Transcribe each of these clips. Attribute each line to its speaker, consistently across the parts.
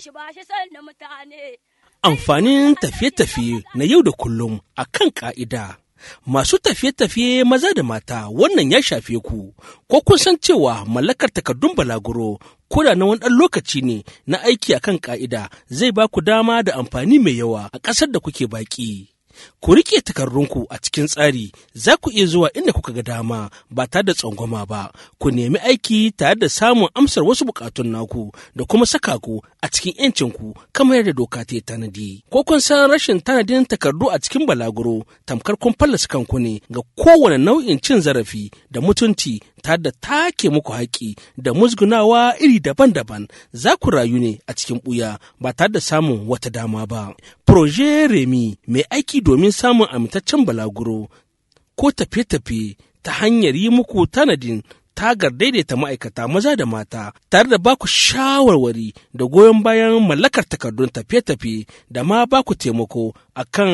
Speaker 1: shi san da mutane.
Speaker 2: Amfanin tafiye-tafiye na yau da kullum a kan ƙa'ida. Masu tafiye-tafiye maza da mata wannan ya shafe ku, ko kun san cewa mallakar takardun balaguro ko da na wani ɗan lokaci ne na aiki a kan ƙa'ida zai ba ku dama da amfani mai yawa a ƙasar da kuke baƙi. ku rike takardunku a cikin tsari za ku iya zuwa inda kuka ga dama ba tare da tsangwama ba ku nemi aiki tare da samun amsar wasu bukatun naku da kuma saka ku a cikin yancinku kamar yadda doka ta tanadi ko kun san rashin tanadin takardu a cikin balaguro tamkar kun fallasa kanku ne ga kowane nau'in cin zarafi da mutunci ta da take muku haƙi da musgunawa iri daban-daban za ku rayu ne a cikin ɓuya ba tare da samun wata dama ba. Proje Remi mai aiki domin samun amintaccen balaguro ko tafiye-tafiye ta hanyar yi muku tanadin tagar daidaita ma'aikata maza da mata tare da baku shawarwari da goyon bayan mallakar takardun tafiye-tafiye da ma baku taimako akan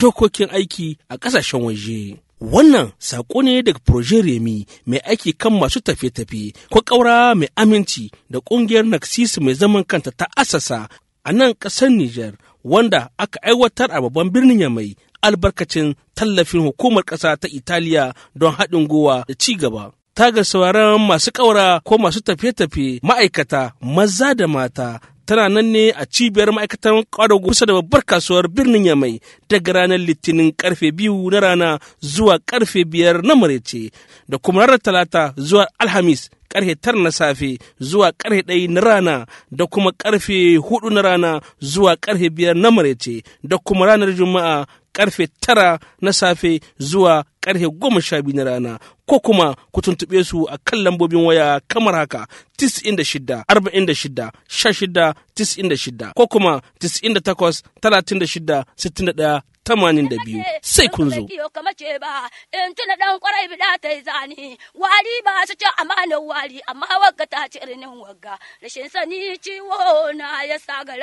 Speaker 2: dokokin aiki a ƙasashen waje. Wannan saƙo ne daga Projet Remi mai aiki kan masu tafiye-tafiye, ko ƙaura mai aminci da ƙungiyar Naxis mai zaman kanta ta asasa a nan ƙasar Nijar, wanda aka aiwatar a babban birnin Yamai albarkacin tallafin hukumar ƙasa ta Italiya don haɗin gowa da ci gaba. ga sauraron masu ƙaura ko masu tafiye-tafiye ma'aikata maza da mata tana nan ne a cibiyar ma'aikatar kwadar kusa da babbar kasuwar birnin yamai daga ranar litinin karfe biyu na rana zuwa karfe biyar na marece da kuma ranar talata zuwa alhamis karfe tara na safe zuwa karfe ɗaya na rana da kuma karfe hudu na rana zuwa karfe biyar na marece da kuma ranar juma'a karfe tara na safe zuwa karfe goma sha biyu na rana ko kuma ku tuntuɓe su a kan lambobin waya kamar haka tis'in da shida arba'in da shida sha shida tis'in da shida ko kuma tis'in da takwas talatin da shida sittin da ɗaya tamanin da biyu sai kun zo.
Speaker 1: wari ba su wari amma wagga ci wagga rashin sani ciwo ya sa ga